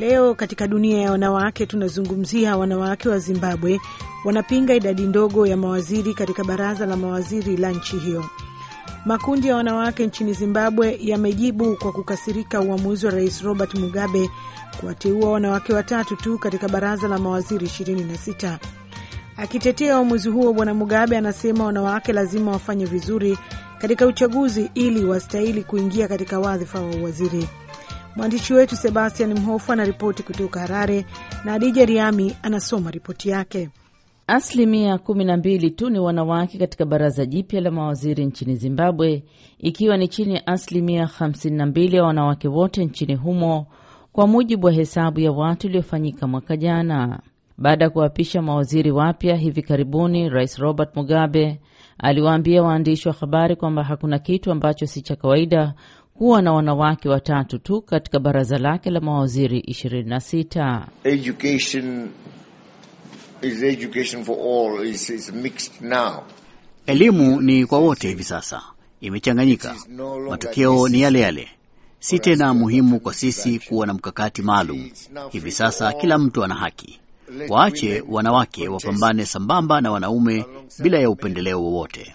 Leo katika dunia ya wanawake tunazungumzia wanawake wa Zimbabwe wanapinga idadi ndogo ya mawaziri katika baraza la mawaziri la nchi hiyo. Makundi ya wanawake nchini Zimbabwe yamejibu kwa kukasirika uamuzi wa Rais Robert Mugabe kuwateua wanawake watatu tu katika baraza la mawaziri 26. Akitetea uamuzi huo, Bwana Mugabe anasema wanawake lazima wafanye vizuri katika uchaguzi ili wastahili kuingia katika wadhifa wa uwaziri. Mwandishi wetu Sebastian Mhofu anaripoti kutoka Harare na Adija Riami anasoma ripoti yake. Asilimia 12 tu ni wanawake katika baraza jipya la mawaziri nchini Zimbabwe, ikiwa ni chini ya asilimia 52 ya wanawake wote nchini humo, kwa mujibu wa hesabu ya watu iliyofanyika mwaka jana. Baada ya kuwapisha mawaziri wapya hivi karibuni, Rais Robert Mugabe aliwaambia waandishi wa habari kwamba hakuna kitu ambacho si cha kawaida huwa na wanawake watatu tu katika baraza lake la mawaziri 26. Education is education for all mixed now. Elimu ni kwa wote hivi sasa, imechanganyika. Matokeo ni yale yale. Si tena muhimu kwa sisi kuwa na mkakati maalum. Hivi sasa kila mtu ana haki. Waache wanawake wapambane sambamba na wanaume bila ya upendeleo wowote.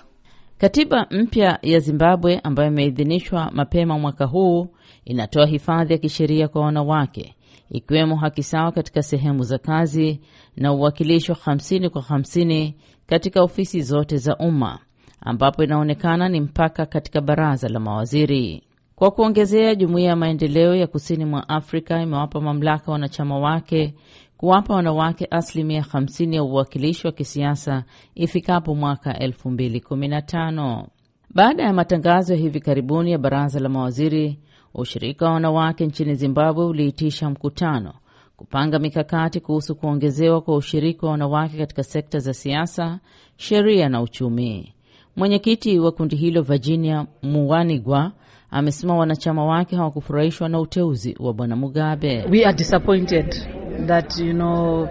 Katiba mpya ya Zimbabwe ambayo imeidhinishwa mapema mwaka huu inatoa hifadhi ya kisheria kwa wanawake ikiwemo haki sawa katika sehemu za kazi na uwakilishi wa 50 kwa 50 katika ofisi zote za umma ambapo inaonekana ni mpaka katika baraza la mawaziri. Kwa kuongezea, jumuiya ya maendeleo ya kusini mwa Afrika imewapa mamlaka wanachama wake kuwapa wanawake asilimia 50 ya uwakilishi wa kisiasa ifikapo mwaka 2015. Baada ya matangazo ya hivi karibuni ya baraza la mawaziri, ushirika wa wanawake nchini Zimbabwe uliitisha mkutano kupanga mikakati kuhusu kuongezewa kwa ushiriki wa wanawake katika sekta za siasa, sheria na uchumi. Mwenyekiti wa kundi hilo Virginia Muwanigwa amesema wanachama wake hawakufurahishwa na uteuzi wa bwana Mugabe. We are disappointed that, you know,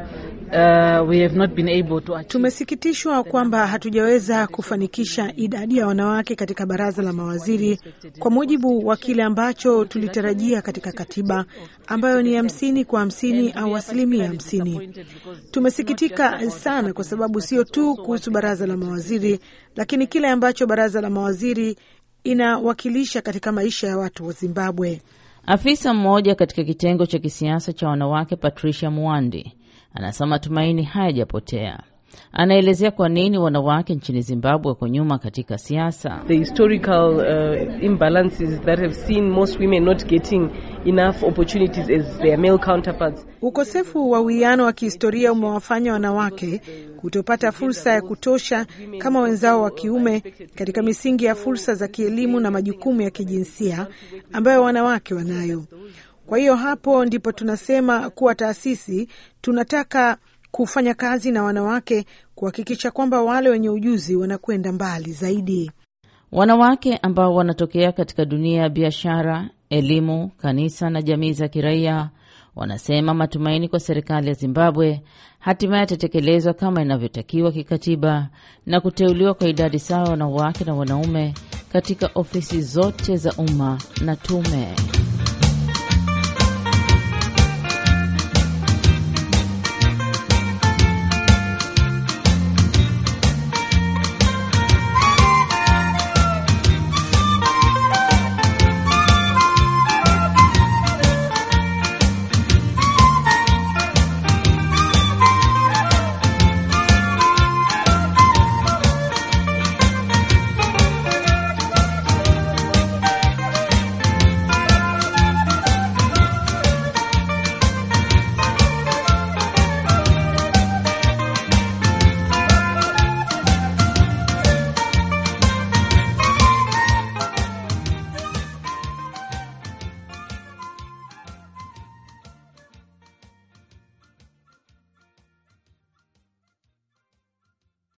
uh, we have not been able to... Tumesikitishwa kwamba hatujaweza kufanikisha idadi ya wanawake katika baraza la mawaziri kwa mujibu wa kile ambacho tulitarajia katika katiba ambayo ni hamsini kwa hamsini au asilimia hamsini. Tumesikitika sana kwa sababu sio tu kuhusu baraza la mawaziri, lakini kile ambacho baraza la mawaziri inawakilisha katika maisha ya watu wa Zimbabwe. Afisa mmoja katika kitengo cha kisiasa cha wanawake Patricia Mwandi anasema matumaini hayajapotea. Anaelezea kwa nini wanawake nchini Zimbabwe wako nyuma katika siasa. The historical uh, imbalances that have seen most women not getting enough opportunities as their male counterparts. Ukosefu wa uwiano wa kihistoria umewafanya wanawake kutopata fursa ya kutosha kama wenzao wa kiume katika misingi ya fursa za kielimu na majukumu ya kijinsia ambayo wanawake wanayo. Kwa hiyo hapo ndipo tunasema kuwa taasisi tunataka kufanya kazi na wanawake kuhakikisha kwamba wale wenye ujuzi wanakwenda mbali zaidi. Wanawake ambao wanatokea katika dunia ya biashara, elimu, kanisa na jamii za kiraia wanasema matumaini kwa serikali ya Zimbabwe hatimaye yatatekelezwa kama inavyotakiwa kikatiba na kuteuliwa kwa idadi sawa wanawake na wanaume katika ofisi zote za umma na tume.